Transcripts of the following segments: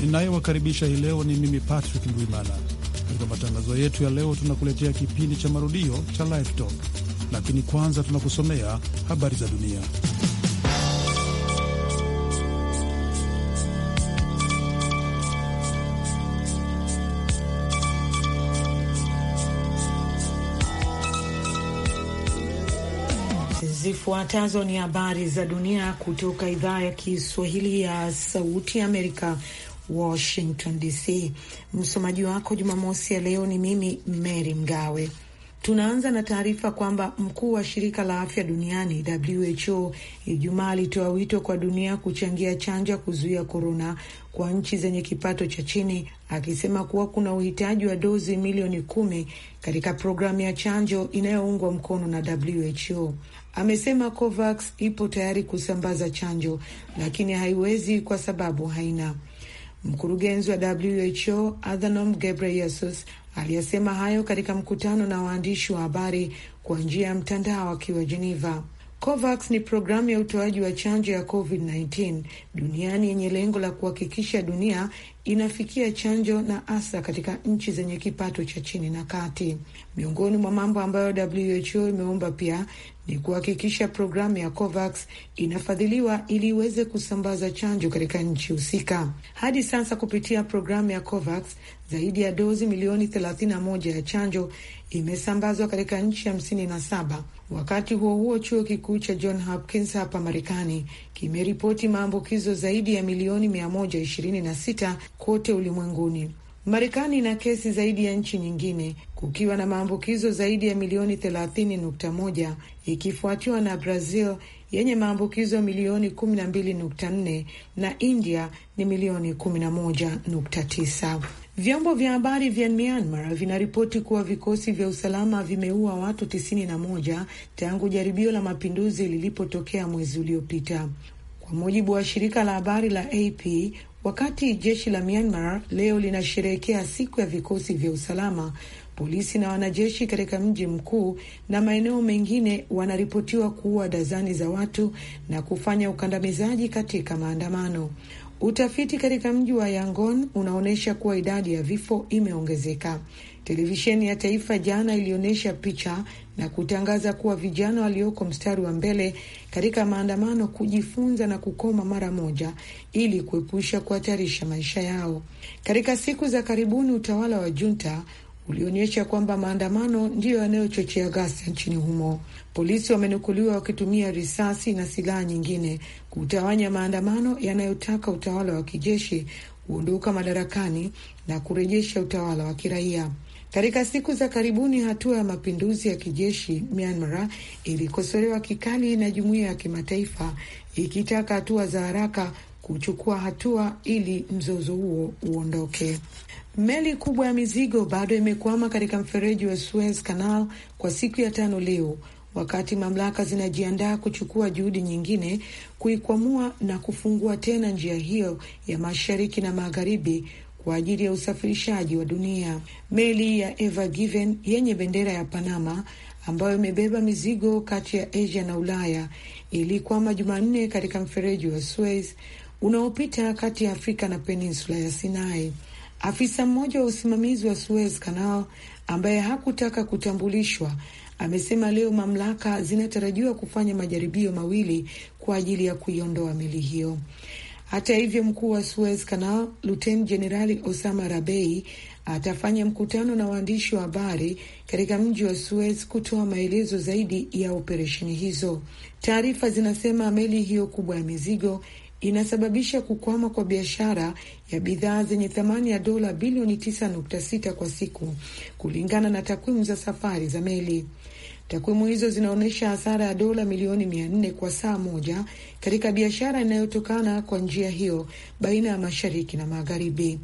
ninayewakaribisha hii leo ni mimi Patrick Ndwimana. Katika matangazo yetu ya leo, tunakuletea kipindi cha marudio cha Live Talk, lakini kwanza tunakusomea habari za dunia. Zifuatazo ni habari za dunia kutoka idhaa ya Kiswahili ya Sauti Amerika, Washington DC. Msomaji wako Jumamosi ya leo ni mimi Mary Mgawe. Tunaanza na taarifa kwamba mkuu wa shirika la afya duniani WHO Ijumaa alitoa wito kwa dunia kuchangia chanjo ya kuzuia korona kwa nchi zenye kipato cha chini, akisema kuwa kuna uhitaji wa dozi milioni kumi katika programu ya chanjo inayoungwa mkono na WHO. Amesema COVAX ipo tayari kusambaza chanjo, lakini haiwezi kwa sababu haina Mkurugenzi wa WHO Adhanom Ghebreyesus aliyesema hayo katika mkutano na waandishi wa habari kwa njia ya mtandao akiwa Geneva. COVAX ni programu ya utoaji wa chanjo ya COVID-19 duniani yenye lengo la kuhakikisha dunia inafikia chanjo na hasa katika nchi zenye kipato cha chini na kati. Miongoni mwa mambo ambayo WHO imeomba pia ni kuhakikisha programu ya COVAX inafadhiliwa ili iweze kusambaza chanjo katika nchi husika. Hadi sasa kupitia programu ya COVAX zaidi ya dozi milioni 31 ya chanjo imesambazwa katika nchi hamsini na saba Wakati huo huo, chuo kikuu cha John Hopkins hapa Marekani kimeripoti maambukizo zaidi ya milioni 126 kote ulimwenguni. Marekani ina kesi zaidi ya nchi nyingine, kukiwa na maambukizo zaidi ya milioni 30.1 ikifuatiwa na Brazil yenye maambukizo milioni 12.4 na India ni milioni 11.9. Vyombo vya habari vya Myanmar vinaripoti kuwa vikosi vya usalama vimeua watu tisini na moja tangu jaribio la mapinduzi lilipotokea mwezi uliopita, kwa mujibu wa shirika la habari la AP. Wakati jeshi la Myanmar leo linasherehekea siku ya vikosi vya usalama, polisi na wanajeshi katika mji mkuu na maeneo mengine wanaripotiwa kuua dazani za watu na kufanya ukandamizaji katika maandamano. Utafiti katika mji wa Yangon unaonyesha kuwa idadi ya vifo imeongezeka. Televisheni ya taifa jana ilionyesha picha na kutangaza kuwa vijana walioko mstari wa mbele katika maandamano kujifunza na kukoma mara moja ili kuepusha kuhatarisha maisha yao. Katika siku za karibuni, utawala wa junta ulionyesha kwamba maandamano ndiyo yanayochochea ghasia nchini humo. Polisi wamenukuliwa wakitumia risasi na silaha nyingine kutawanya maandamano yanayotaka utawala wa kijeshi kuondoka madarakani na kurejesha utawala wa kiraia. Katika siku za karibuni, hatua ya mapinduzi ya kijeshi Myanmar ilikosolewa kikali na jumuiya ya kimataifa ikitaka hatua za haraka kuchukua hatua ili mzozo huo uondoke. Meli kubwa ya mizigo bado imekwama katika mfereji wa Suez Canal kwa siku ya tano leo, wakati mamlaka zinajiandaa kuchukua juhudi nyingine kuikwamua na kufungua tena njia hiyo ya mashariki na magharibi kwa ajili ya usafirishaji wa dunia. Meli ya Ever Given yenye bendera ya Panama ambayo imebeba mizigo kati ya Asia na Ulaya ilikwama Jumanne katika mfereji wa Suez unaopita kati ya Afrika na peninsula ya Sinai. Afisa mmoja wa usimamizi wa Suez Canal ambaye hakutaka kutambulishwa amesema leo mamlaka zinatarajiwa kufanya majaribio mawili kwa ajili ya kuiondoa meli hiyo. Hata hivyo, mkuu wa Suez Canal Luten Jenerali Osama Rabei atafanya mkutano na waandishi wa habari katika mji wa Suez kutoa maelezo zaidi ya operesheni hizo. Taarifa zinasema meli hiyo kubwa ya mizigo inasababisha kukwama kwa biashara ya bidhaa zenye thamani ya dola bilioni 9.6 kwa siku, kulingana na takwimu za safari za meli. Takwimu hizo zinaonyesha hasara ya dola milioni mia nne kwa saa moja katika biashara inayotokana kwa njia hiyo baina ya mashariki na magharibi.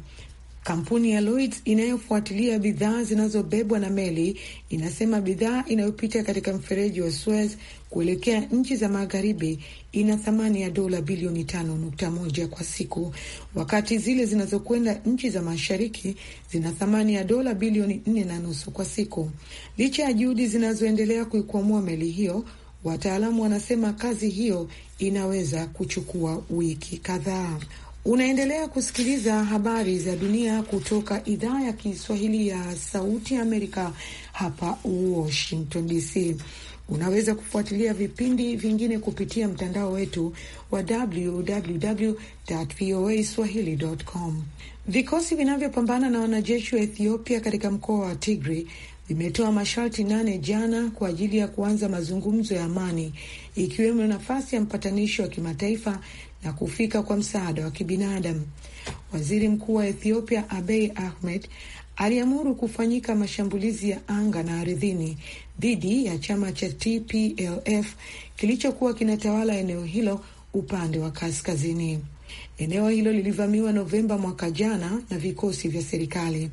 Kampuni ya Lloyds inayofuatilia bidhaa zinazobebwa na meli inasema bidhaa inayopita katika mfereji wa Suez kuelekea nchi za magharibi ina thamani ya dola bilioni tano nukta moja kwa siku, wakati zile zinazokwenda nchi za mashariki zina thamani ya dola bilioni nne na nusu kwa siku. Licha ya juhudi zinazoendelea kuikwamua meli hiyo, wataalamu wanasema kazi hiyo inaweza kuchukua wiki kadhaa. Unaendelea kusikiliza habari za dunia kutoka idhaa ya Kiswahili ya Sauti ya Amerika hapa Washington DC. Unaweza kufuatilia vipindi vingine kupitia mtandao wetu wa www.voaswahili.com. Vikosi vinavyopambana na wanajeshi wa Ethiopia katika mkoa wa tigri vimetoa masharti nane jana kwa ajili ya kuanza mazungumzo ya amani, ikiwemo nafasi ya mpatanishi wa kimataifa na kufika kwa msaada wa kibinadamu. Waziri Mkuu wa Ethiopia Abiy Ahmed aliamuru kufanyika mashambulizi ya anga na ardhini dhidi ya chama cha TPLF kilichokuwa kinatawala eneo hilo upande wa kaskazini. Eneo hilo lilivamiwa Novemba mwaka jana na vikosi vya serikali.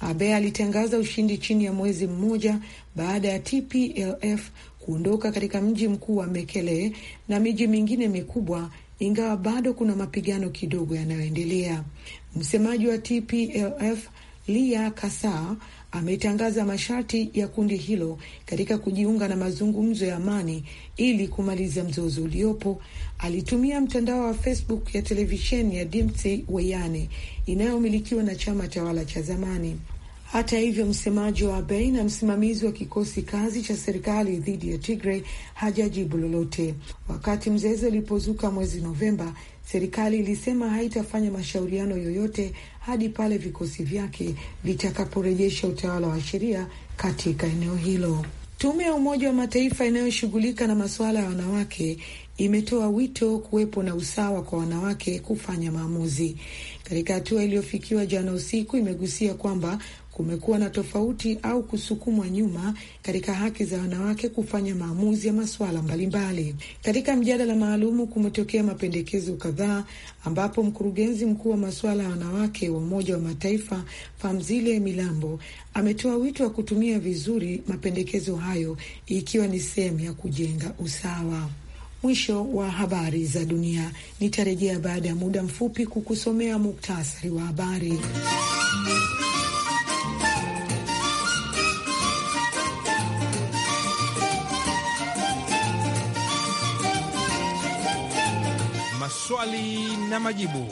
Abe alitangaza ushindi chini ya mwezi mmoja baada ya TPLF kuondoka katika mji mkuu wa Mekele na miji mingine mikubwa ingawa bado kuna mapigano kidogo yanayoendelea. Msemaji wa TPLF Lia Kasa ametangaza masharti ya kundi hilo katika kujiunga na mazungumzo ya amani ili kumaliza mzozo uliopo. Alitumia mtandao wa Facebook ya televisheni ya Dimtsi Weyane inayomilikiwa na chama tawala cha zamani hata hivyo, msemaji wa Abei na msimamizi wa kikosi kazi cha serikali dhidi ya Tigray hajajibu lolote. Wakati mzeze ulipozuka mwezi Novemba, serikali ilisema haitafanya mashauriano yoyote hadi pale vikosi vyake vitakaporejesha utawala wa sheria katika eneo hilo. Tume ya Umoja wa Mataifa inayoshughulika na masuala ya wanawake imetoa wito kuwepo na usawa kwa wanawake kufanya maamuzi. Katika hatua iliyofikiwa jana usiku, imegusia kwamba kumekuwa na tofauti au kusukumwa nyuma katika haki za wanawake kufanya maamuzi ya masuala mbalimbali. Katika mjadala maalumu kumetokea mapendekezo kadhaa, ambapo mkurugenzi mkuu wa masuala ya wanawake wa Umoja wa Mataifa Famzile Milambo ametoa wito wa kutumia vizuri mapendekezo hayo ikiwa ni sehemu ya kujenga usawa. Mwisho wa habari za dunia. Nitarejea baada ya muda mfupi kukusomea muktasari wa habari. swali na majibu.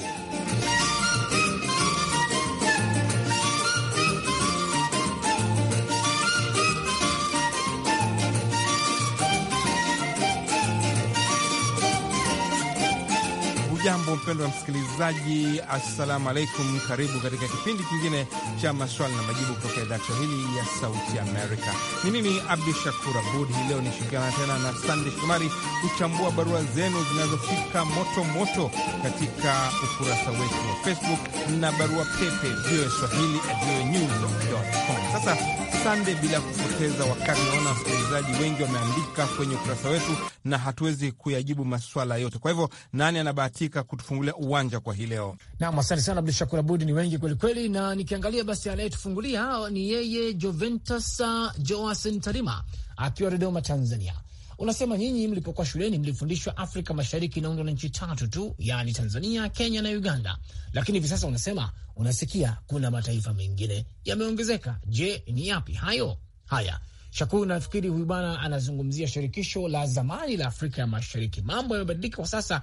Hujambo wa msikilizaji, assalamu alaikum. Karibu katika kipindi kingine cha maswali na majibu kutoka idhaa Kiswahili ya Sauti Amerika. Ni mimi Abdu Shakur Abud. Hii leo nishirikiana tena na Sande Shomari kuchambua barua zenu zinazofika moto moto katika ukurasa wetu wa Facebook na barua pepe voaswahili@voanews.com. Sasa Sande bila kupoteza wakati. Naona wasikilizaji wengi wameandika kwenye ukurasa wetu na hatuwezi kuyajibu maswala yote, kwa hivyo nani anabahatika kutufungulia uwanja kwa hii leo? Naam, asante sana Abdu Shakur Abud, ni wengi kwelikweli, na nikiangalia basi anayetufungulia ni yeye Joventus Joasen Tarima akiwa Dodoma, Tanzania unasema nyinyi mlipokuwa shuleni mlifundishwa Afrika Mashariki inaundwa na nchi tatu tu, yaani Tanzania, Kenya na Uganda, lakini hivi sasa unasema unasikia kuna mataifa mengine yameongezeka. Je, ni yapi hayo? Haya, Shakuru, nafikiri huyu bwana anazungumzia shirikisho la zamani la Afrika ya Mashariki. Mambo yamebadilika kwa sasa,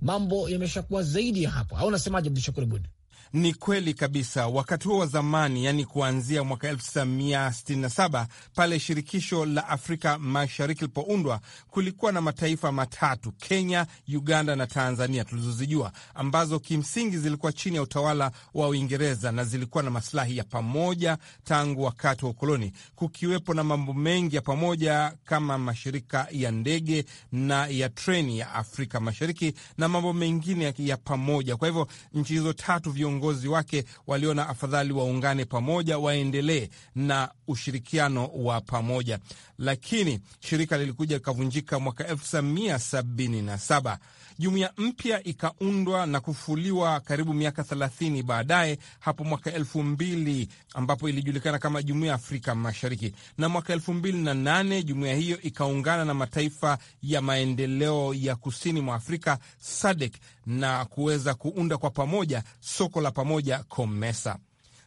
mambo yameshakuwa zaidi ya hapo, au unasemaje, Abdushakur Abud? Ni kweli kabisa. Wakati huo wa zamani, yani kuanzia mwaka 1967 pale shirikisho la Afrika Mashariki lilipoundwa, kulikuwa na mataifa matatu, Kenya, Uganda na Tanzania tulizozijua, ambazo kimsingi zilikuwa chini ya utawala wa Uingereza na zilikuwa na masilahi ya pamoja tangu wakati wa ukoloni, kukiwepo na mambo mengi ya pamoja kama mashirika ya ndege na ya treni ya Afrika Mashariki na mambo mengine ya pamoja. Kwa hivyo nchi hizo tatu viongozi viongozi wake waliona afadhali waungane pamoja, waendelee na ushirikiano wa pamoja, lakini shirika lilikuja likavunjika mwaka 1977. Jumuiya mpya ikaundwa na kufuliwa karibu miaka 30 baadaye hapo mwaka 2000 ambapo ilijulikana kama Jumuiya ya Afrika Mashariki, na mwaka 2008 jumuiya hiyo ikaungana na mataifa ya maendeleo ya kusini mwa Afrika SADC na kuweza kuunda kwa pamoja soko la pamoja COMESA.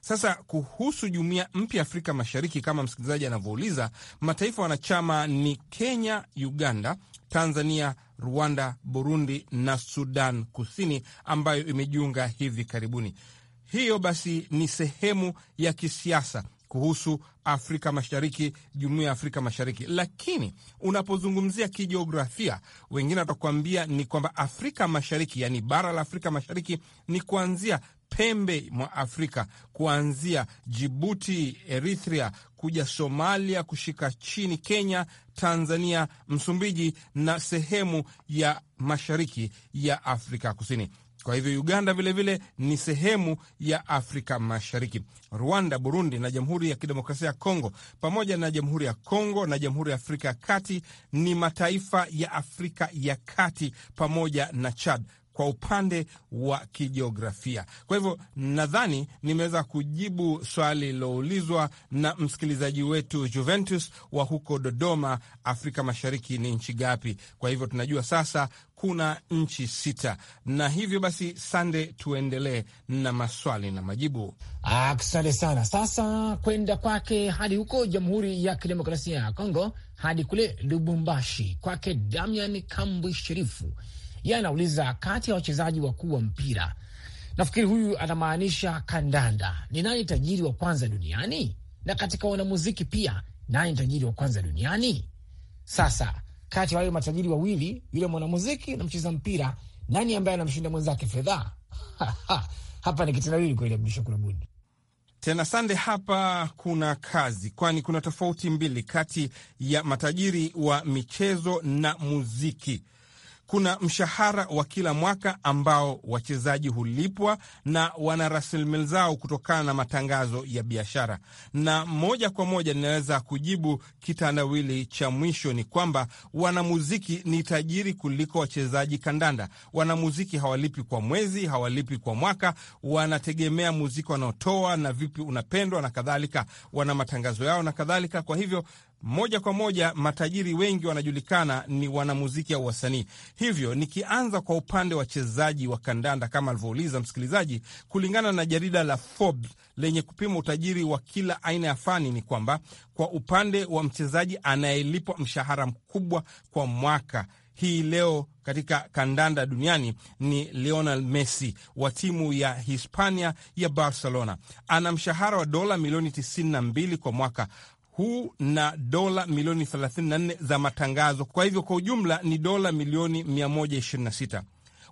Sasa kuhusu jumuiya mpya Afrika Mashariki, kama msikilizaji anavyouliza, mataifa wanachama ni Kenya, Uganda, Tanzania, Rwanda, Burundi na Sudan Kusini, ambayo imejiunga hivi karibuni. Hiyo basi ni sehemu ya kisiasa kuhusu Afrika Mashariki, jumuiya ya Afrika Mashariki. Lakini unapozungumzia kijiografia, wengine watakuambia ni kwamba Afrika Mashariki, yaani bara la Afrika Mashariki, ni kuanzia pembe mwa Afrika kuanzia Jibuti, Eritrea kuja Somalia, kushika chini Kenya, Tanzania, Msumbiji na sehemu ya mashariki ya Afrika Kusini. Kwa hivyo Uganda vilevile vile ni sehemu ya Afrika Mashariki. Rwanda, Burundi na Jamhuri ya Kidemokrasia ya Kongo pamoja na Jamhuri ya Kongo na Jamhuri ya Afrika ya Kati ni mataifa ya Afrika ya Kati pamoja na Chad kwa upande wa kijiografia. Kwa hivyo nadhani nimeweza kujibu swali liloulizwa na msikilizaji wetu Juventus wa huko Dodoma, Afrika Mashariki, ni nchi gapi? Kwa hivyo tunajua sasa kuna nchi sita, na hivyo basi, Sande, tuendelee na maswali na majibu. Asante sana. Sasa kwenda kwake hadi huko Jamhuri ya Kidemokrasia ya Kongo, hadi kule Lubumbashi, kwake Damian Kambwi Sherifu. Yeye anauliza kati ya wachezaji wakuu wa mpira, nafikiri huyu anamaanisha kandanda, ni nani tajiri wa kwanza duniani? Na katika wanamuziki pia, nani tajiri wa kwanza duniani? Sasa kati ya wale matajiri wawili, yule mwanamuziki na mcheza mpira, nani ambaye anamshinda mwenzake fedha? Hapa ni kitendawili kweli, Abdu Shakur Abud. Tena sande, hapa kuna kazi, kwani kuna tofauti mbili kati ya matajiri wa michezo na muziki kuna mshahara wa kila mwaka ambao wachezaji hulipwa na wana rasilimali zao kutokana na matangazo ya biashara. Na moja kwa moja ninaweza kujibu kitandawili cha mwisho ni kwamba wanamuziki ni tajiri kuliko wachezaji kandanda. Wanamuziki hawalipi kwa mwezi, hawalipi kwa mwaka, wanategemea muziki wanaotoa na vipi unapendwa na kadhalika, wana matangazo yao na kadhalika. Kwa hivyo moja kwa moja matajiri wengi wanajulikana ni wanamuziki au wasanii. Hivyo nikianza kwa upande wa wachezaji wa kandanda kama alivyouliza msikilizaji, kulingana na jarida la Forbes lenye kupima utajiri wa kila aina ya fani ni kwamba kwa upande wa mchezaji anayelipwa mshahara mkubwa kwa mwaka hii leo katika kandanda duniani ni Lionel Messi wa timu ya Hispania ya Barcelona. Ana mshahara wa dola milioni 92 kwa mwaka, huu na dola milioni 34 za matangazo. Kwa hivyo kwa ujumla ni dola milioni 126.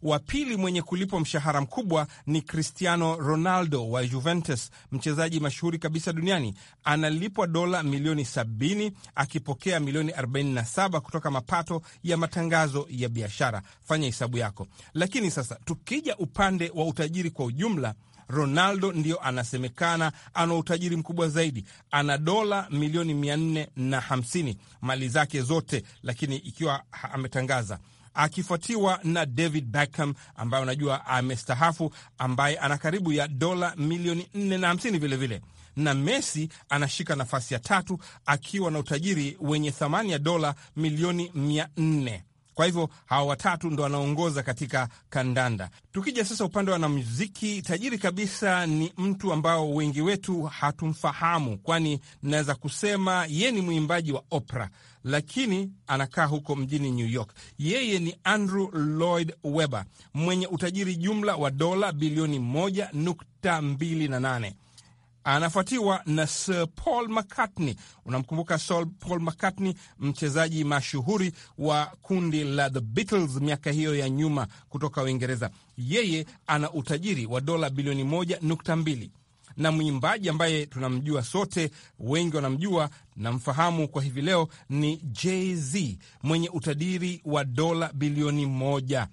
Wa pili mwenye kulipwa mshahara mkubwa ni Cristiano Ronaldo wa Juventus, mchezaji mashuhuri kabisa duniani. Analipwa dola milioni 70 akipokea milioni 47 kutoka mapato ya matangazo ya biashara. Fanya hesabu yako. Lakini sasa tukija upande wa utajiri kwa ujumla Ronaldo ndiyo anasemekana ana utajiri mkubwa zaidi, ana dola milioni mia nne na hamsini mali zake zote, lakini ikiwa ametangaza akifuatiwa na David Beckham ambaye unajua amestahafu, ambaye ana karibu ya dola milioni nne na hamsini vilevile na Messi anashika nafasi ya tatu akiwa na utajiri wenye thamani ya dola milioni mia nne. Kwa hivyo hawa watatu ndo wanaongoza katika kandanda. Tukija sasa upande wa wanamuziki, tajiri kabisa ni mtu ambao wengi wetu hatumfahamu, kwani naweza kusema yeye ni mwimbaji wa opera lakini anakaa huko mjini New York. Yeye ni Andrew Lloyd Webber mwenye utajiri jumla wa dola bilioni 1.28 anafuatiwa na Sir Paul McCartney. Unamkumbuka Sir Paul McCartney, mchezaji mashuhuri wa kundi la The Beatles miaka hiyo ya nyuma kutoka Uingereza. Yeye ana utajiri wa dola bilioni moja nukta mbili na mwimbaji ambaye tunamjua sote, wengi wanamjua, namfahamu kwa hivi leo ni Jay-Z mwenye utajiri wa dola bilioni moja.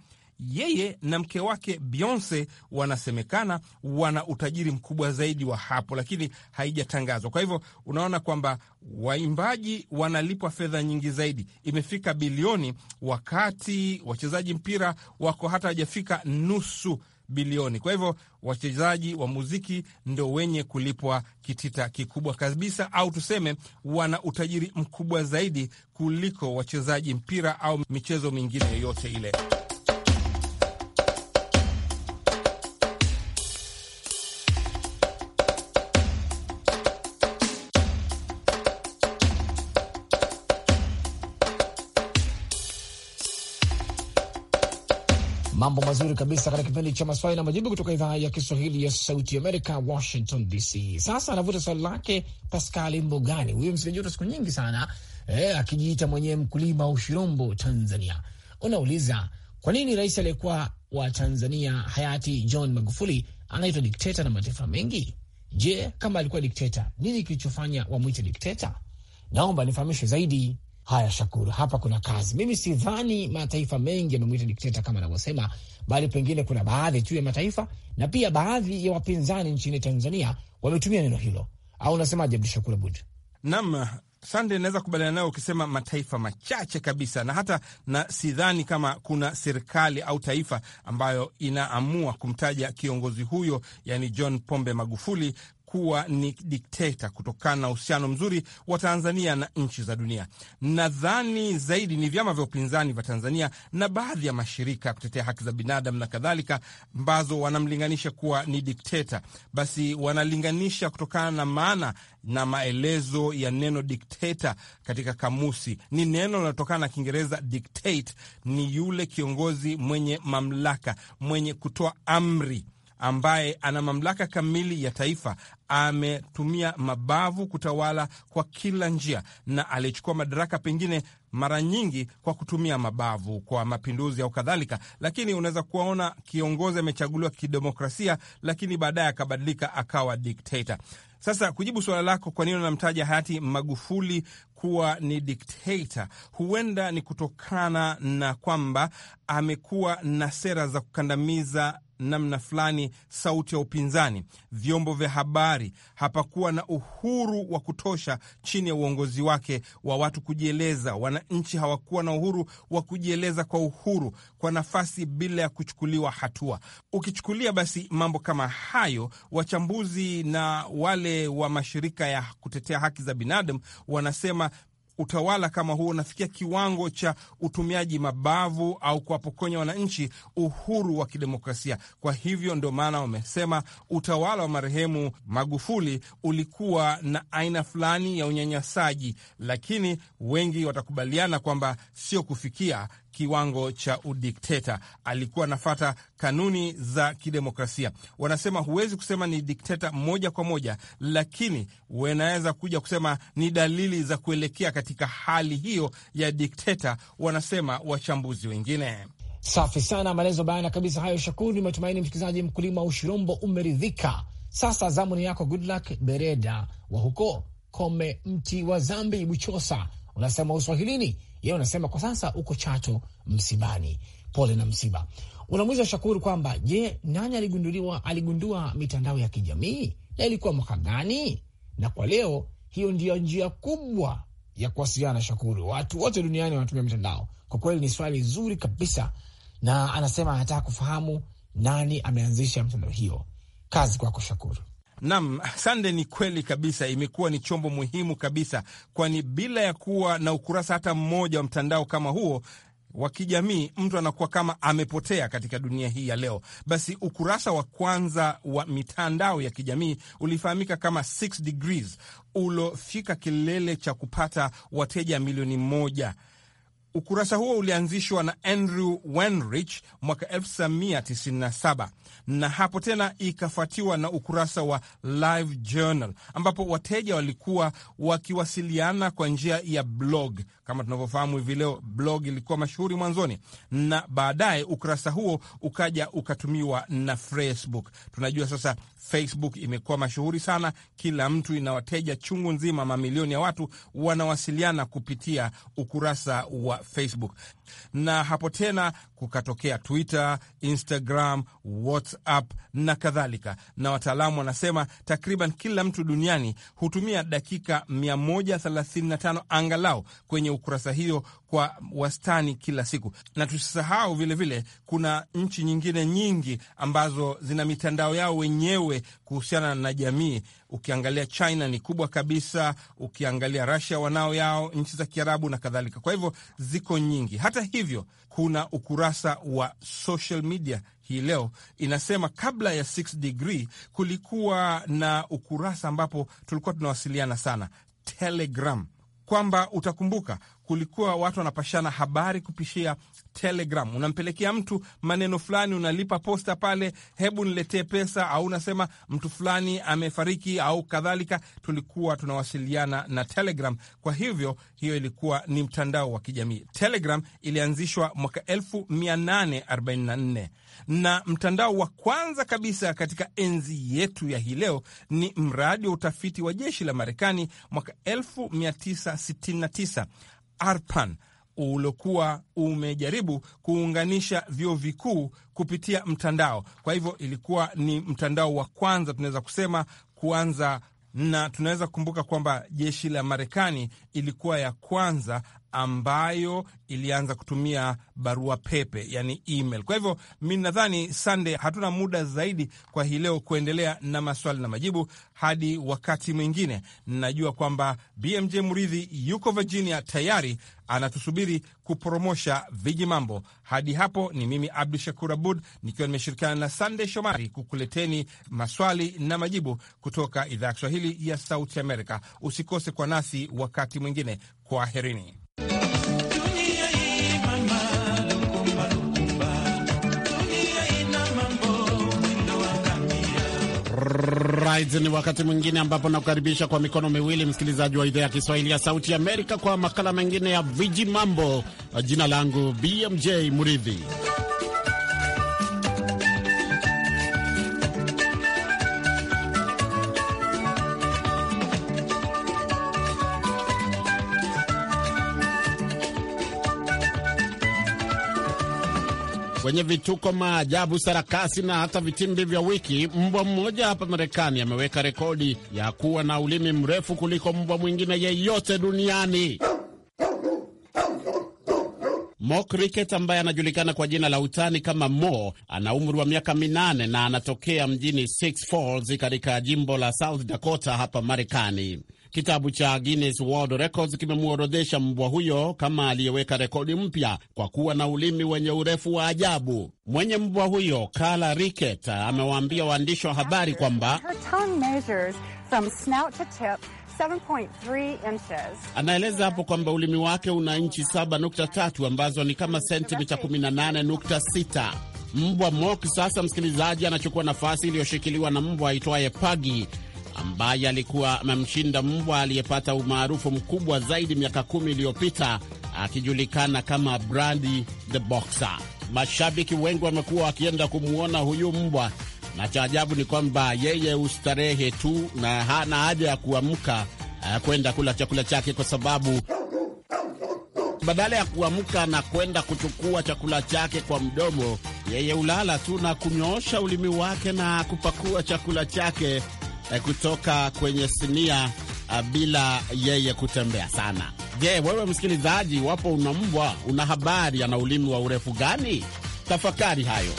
Yeye na mke wake Beyonce wanasemekana wana utajiri mkubwa zaidi wa hapo, lakini haijatangazwa. Kwa hivyo unaona kwamba waimbaji wanalipwa fedha nyingi zaidi, imefika bilioni, wakati wachezaji mpira wako hata wajafika nusu bilioni. Kwa hivyo wachezaji wa muziki ndio wenye kulipwa kitita kikubwa kabisa, au tuseme wana utajiri mkubwa zaidi kuliko wachezaji mpira au michezo mingine yoyote ile. Mambo mazuri kabisa katika kipindi cha maswali na majibu kutoka idhaa ya Kiswahili ya Sauti Amerika, Washington DC. Sasa anavuta swali lake Paskali Mbogani, huyo msikilizaji siku nyingi sana e, akijiita mwenyewe mkulima wa Ushirombo, Tanzania. Unauliza, kwa nini rais aliyekuwa wa Tanzania hayati John Magufuli anaitwa dikteta na mataifa mengi? Je, kama alikuwa dikteta, nini kilichofanya wamwite dikteta? Naomba nifahamishe zaidi. Haya, Shakuru, hapa kuna kazi. Mimi sidhani mataifa mengi yamemwita dikteta kama anavyosema, bali pengine kuna baadhi tu ya mataifa na pia baadhi ya wapinzani nchini Tanzania wametumia neno hilo, au unasemaje, Abdu Shakur Abud? Naam, Sande, naweza kubaliana nayo ukisema mataifa machache kabisa, na hata na sidhani kama kuna serikali au taifa ambayo inaamua kumtaja kiongozi huyo, yani John Pombe Magufuli kuwa ni dikteta kutokana na uhusiano mzuri wa Tanzania na nchi za dunia. Nadhani zaidi ni vyama vya upinzani vya Tanzania na baadhi ya mashirika ya kutetea haki za binadamu na kadhalika, ambazo wanamlinganisha kuwa ni dikteta. Basi wanalinganisha kutokana na maana na maelezo ya neno dikteta katika kamusi. Ni neno linalotokana na Kiingereza dictate, ni yule kiongozi mwenye mamlaka, mwenye kutoa amri ambaye ana mamlaka kamili ya taifa ametumia mabavu kutawala kwa kila njia, na aliyechukua madaraka pengine mara nyingi kwa kutumia mabavu, kwa mapinduzi au kadhalika. Lakini unaweza kuwaona kiongozi amechaguliwa kidemokrasia, lakini baadaye akabadilika akawa dikteta. Sasa kujibu suala lako, kwa nini namtaja hayati Magufuli kuwa ni dikteta, huenda ni kutokana na kwamba amekuwa na sera za kukandamiza namna fulani sauti ya upinzani, vyombo vya habari. Hapakuwa na uhuru wa kutosha chini ya uongozi wake wa watu kujieleza. Wananchi hawakuwa na uhuru wa kujieleza kwa uhuru, kwa nafasi, bila ya kuchukuliwa hatua. Ukichukulia basi mambo kama hayo, wachambuzi na wale wa mashirika ya kutetea haki za binadamu wanasema utawala kama huo unafikia kiwango cha utumiaji mabavu au kuwapokonya wananchi uhuru wa kidemokrasia. Kwa hivyo ndio maana wamesema utawala wa marehemu Magufuli ulikuwa na aina fulani ya unyanyasaji, lakini wengi watakubaliana kwamba sio kufikia kiwango cha udikteta. Alikuwa anafata kanuni za kidemokrasia. Wanasema huwezi kusema ni dikteta moja kwa moja, lakini wanaweza kuja kusema ni dalili za kuelekea katika hali hiyo ya dikteta, wanasema wachambuzi wengine. Safi sana, maelezo bayana kabisa hayo. Shakuru, ni matumaini msikilizaji mkulima Ushirombo umeridhika. Sasa zamu ni yako Goodluck Bereda wa huko Kome mti wa Zambi Buchosa, unasema Uswahilini yeye unasema kwa sasa uko Chato msibani. Pole na msiba. Unamwiza Shakuru kwamba je, nani aligunduliwa aligundua mitandao ya kijamii na ilikuwa mwaka gani? Na kwa leo hiyo ndiyo njia kubwa ya kuwasiliana na Shakuru. Watu wote duniani wanatumia mitandao. Kwa kweli ni swali zuri kabisa, na anasema anataka kufahamu nani ameanzisha mitandao hiyo. Kazi kwako Shakuru. Nam, sande. Ni kweli kabisa, imekuwa ni chombo muhimu kabisa, kwani bila ya kuwa na ukurasa hata mmoja wa mtandao kama huo wa kijamii mtu anakuwa kama amepotea katika dunia hii ya leo. Basi ukurasa wa kwanza wa mitandao ya kijamii ulifahamika kama Six Degrees, ulofika kilele cha kupata wateja milioni moja Ukurasa huo ulianzishwa na Andrew Wenrich mwaka 1997 na hapo tena ikafuatiwa na ukurasa wa Live Journal ambapo wateja walikuwa wakiwasiliana kwa njia ya blog. Kama tunavyofahamu hivi leo, blog ilikuwa mashuhuri mwanzoni, na baadaye ukurasa huo ukaja ukatumiwa na Facebook. Tunajua sasa Facebook imekuwa mashuhuri sana, kila mtu ina wateja chungu nzima, mamilioni ya watu wanawasiliana kupitia ukurasa wa Facebook, na hapo tena kukatokea Twitter, Instagram, WhatsApp na kadhalika. Na wataalamu wanasema takriban kila mtu duniani hutumia dakika 135 angalau kwenye ukurasa hiyo kwa wastani kila siku. Na tusisahau vilevile, kuna nchi nyingine nyingi ambazo zina mitandao yao wenyewe kuhusiana na jamii. Ukiangalia China ni kubwa kabisa, ukiangalia Russia wanao yao, nchi za Kiarabu na kadhalika. Kwa hivyo ziko nyingi. Hata hivyo, kuna ukurasa wa social media hii leo inasema, kabla ya 6 degree kulikuwa na ukurasa ambapo tulikuwa tunawasiliana sana Telegram kwamba utakumbuka kulikuwa watu wanapashana habari kupishia Telegram. Unampelekea mtu maneno fulani, unalipa posta pale, hebu niletee pesa, au unasema mtu fulani amefariki au kadhalika. Tulikuwa tunawasiliana na Telegram. Kwa hivyo hiyo ilikuwa ni mtandao wa kijamii. Telegram ilianzishwa mwaka 1844 na mtandao wa kwanza kabisa katika enzi yetu ya hii leo ni mradi wa utafiti wa jeshi la Marekani mwaka 1969 ARPAN uliokuwa umejaribu kuunganisha vyuo vikuu kupitia mtandao. Kwa hivyo ilikuwa ni mtandao wa kwanza tunaweza kusema kuanza na tunaweza kukumbuka kwamba jeshi la Marekani ilikuwa ya kwanza ambayo ilianza kutumia barua pepe, yani email. Kwa hivyo mi nadhani Sande, hatuna muda zaidi kwa hii leo kuendelea na maswali na majibu hadi wakati mwingine. Najua kwamba BMJ Muridhi yuko Virginia tayari anatusubiri kupromosha viji mambo. Hadi hapo ni mimi Abdu Shakur Abud nikiwa nimeshirikiana na Sande Shomari kukuleteni maswali na majibu kutoka idhaa ya Kiswahili ya Sauti Amerika. Usikose kwa nasi wakati mwingine, kwaherini. Right, ni wakati mwingine ambapo nakukaribisha kwa mikono miwili msikilizaji wa idhaa ya Kiswahili ya Sauti Amerika kwa makala mengine ya Viji Mambo. Jina langu BMJ Muridhi. Kwenye vituko, maajabu, sarakasi na hata vitimbi vya wiki, mbwa mmoja hapa Marekani ameweka rekodi ya kuwa na ulimi mrefu kuliko mbwa mwingine yeyote duniani. Mo Cricket ambaye anajulikana kwa jina la utani kama Mo ana umri wa miaka minane na anatokea mjini Sioux Falls katika jimbo la South Dakota hapa Marekani. Kitabu cha Guinness World Records kimemworodhesha mbwa huyo kama aliyeweka rekodi mpya kwa kuwa na ulimi wenye urefu wa ajabu. Mwenye mbwa huyo Kala riket amewaambia waandishi wa habari kwamba anaeleza hapo kwamba ulimi wake una inchi 7.3 ambazo ni kama sentimita 18.6. Mbwa Mok sasa, msikilizaji, anachukua nafasi iliyoshikiliwa na mbwa aitwaye Pagi ambaye alikuwa amemshinda mbwa aliyepata umaarufu mkubwa zaidi miaka kumi iliyopita akijulikana kama Brandi the Boxer. Mashabiki wengi wamekuwa wakienda kumwona huyu mbwa, na cha ajabu ni kwamba yeye ustarehe tu na hana haja ya kuamka eh, kwenda kula chakula chake kwa sababu badala ya kuamka na kwenda kuchukua chakula chake kwa mdomo, yeye ulala tu na kunyoosha ulimi wake na kupakua chakula chake Eh, kutoka kwenye sinia eh, bila yeye kutembea sana. Je, wewe msikilizaji, wapo una mbwa, una habari ana ulimi wa urefu gani? Tafakari hayo.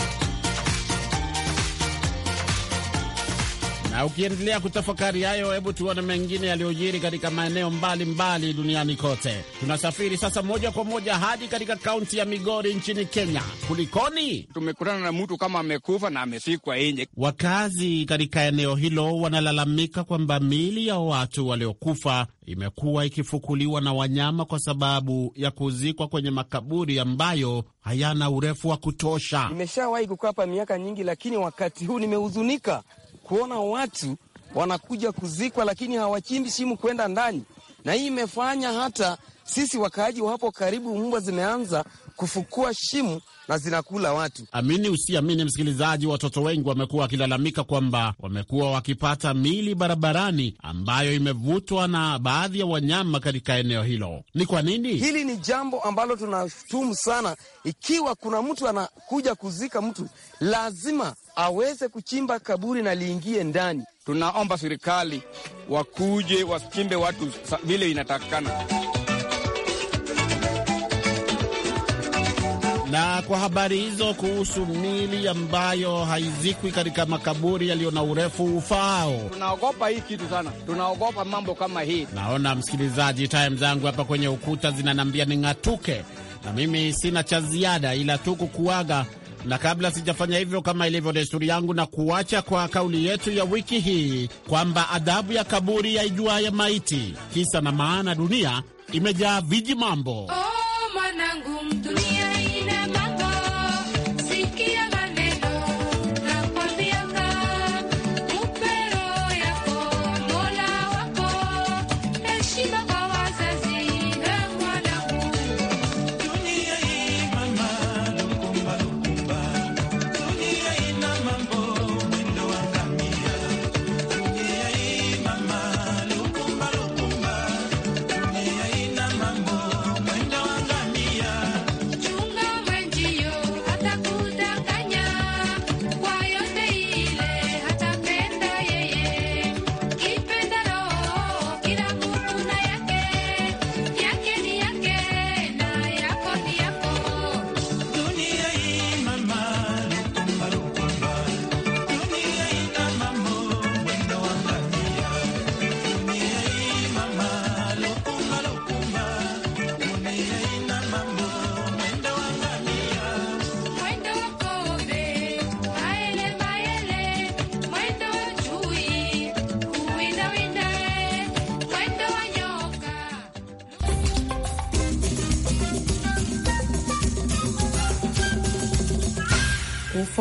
Ukiendelea kutafakari hayo, hebu tuone mengine yaliyojiri katika maeneo mbalimbali mbali duniani kote. Tunasafiri sasa moja kwa moja hadi katika kaunti ya Migori nchini Kenya. Kulikoni? Tumekutana na mtu kama amekufa na amesikwa nje. Wakazi katika eneo hilo wanalalamika kwamba miili ya watu waliokufa imekuwa ikifukuliwa na wanyama kwa sababu ya kuzikwa kwenye makaburi ambayo hayana urefu wa kutosha. Nimeshawahi kukaa hapa miaka nyingi, lakini wakati huu nimehuzunika kuona watu wanakuja kuzikwa, lakini hawachimbi shimu kwenda ndani, na hii imefanya hata sisi wakaaji wa hapo karibu, mbwa zimeanza kufukua shimu na zinakula watu. Amini usiamini, msikilizaji, watoto wengi wamekuwa wakilalamika kwamba wamekuwa wakipata mili barabarani ambayo imevutwa na baadhi ya wanyama katika eneo hilo. Ni kwa nini? Hili ni jambo ambalo tunashutumu sana. Ikiwa kuna mtu anakuja kuzika mtu, lazima aweze kuchimba kaburi na liingie ndani. Tunaomba serikali wakuje wachimbe watu vile inatakikana. Na kwa habari hizo kuhusu mili ambayo haizikwi katika makaburi yaliyo na urefu ufao, tunaogopa hii kitu sana, tunaogopa mambo kama hii. Naona msikilizaji, time zangu hapa kwenye ukuta zinaniambia ning'atuke, na mimi sina cha ziada ila tu kukuaga na kabla sijafanya hivyo, kama ilivyo desturi yangu, na kuacha kwa kauli yetu ya wiki hii kwamba adhabu ya kaburi yaijua ya maiti, kisa na maana dunia imejaa viji mambo.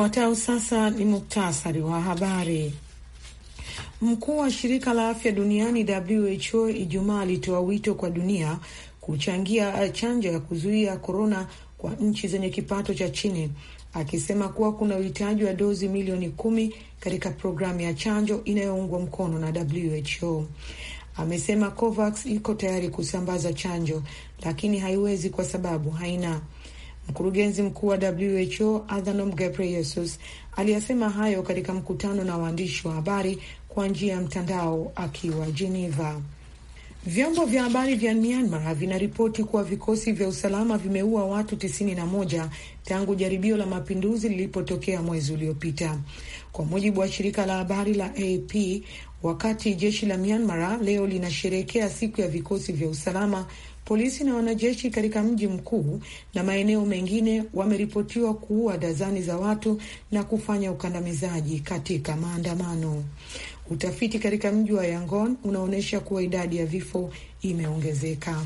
Ufuatao sasa ni muktasari wa habari. Mkuu wa shirika la afya duniani WHO Ijumaa alitoa wito kwa dunia kuchangia eh, chanjo ya kuzuia korona kwa nchi zenye kipato cha chini, akisema kuwa kuna uhitaji wa dozi milioni kumi katika programu ya chanjo inayoungwa mkono na WHO. Amesema COVAX iko tayari kusambaza chanjo, lakini haiwezi kwa sababu haina Mkurugenzi mkuu wa WHO Adhanom Ghebreyesus aliyasema hayo katika mkutano na waandishi wa habari kwa njia ya mtandao akiwa Geneva. Vyombo vya habari vya Myanmar vinaripoti kuwa vikosi vya usalama vimeua watu tisini na moja tangu jaribio la mapinduzi lilipotokea mwezi uliopita, kwa mujibu wa shirika la habari la AP. Wakati jeshi la Myanmar leo linasherehekea siku ya vikosi vya usalama Polisi na wanajeshi katika mji mkuu na maeneo mengine wameripotiwa kuua dazani za watu na kufanya ukandamizaji katika maandamano. Utafiti katika mji wa Yangon unaonyesha kuwa idadi ya vifo imeongezeka.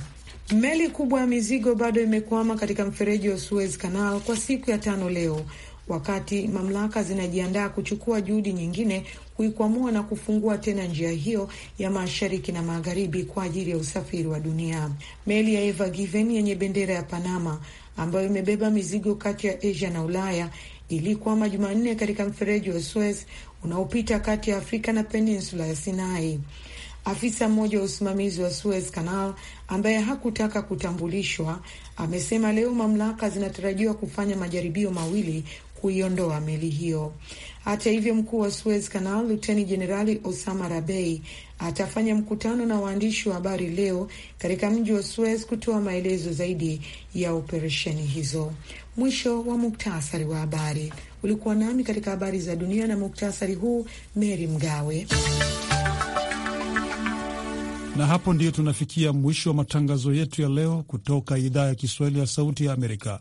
Meli kubwa ya mizigo bado imekwama katika mfereji wa Suez Canal kwa siku ya tano leo wakati mamlaka zinajiandaa kuchukua juhudi nyingine kuikwamua na kufungua tena njia hiyo ya mashariki na magharibi kwa ajili ya usafiri wa dunia. Meli ya Eva Given yenye bendera ya Panama ambayo imebeba mizigo kati ya Asia na Ulaya ilikwama Jumanne katika mfereji wa Suez unaopita kati ya Afrika na peninsula ya Sinai. Afisa mmoja wa usimamizi wa Suez Canal ambaye hakutaka kutambulishwa amesema leo mamlaka zinatarajiwa kufanya majaribio mawili kuiondoa meli hiyo. Hata hivyo, mkuu wa Suez Canal Luteni Jenerali Osama Rabei atafanya mkutano na waandishi wa habari leo katika mji wa Suez kutoa maelezo zaidi ya operesheni hizo. Mwisho wa muktasari wa habari. Ulikuwa nami katika habari za dunia na muktasari huu, Meri Mgawe. Na hapo ndiyo tunafikia mwisho wa matangazo yetu ya leo kutoka idhaa ya Kiswahili ya Sauti ya Amerika.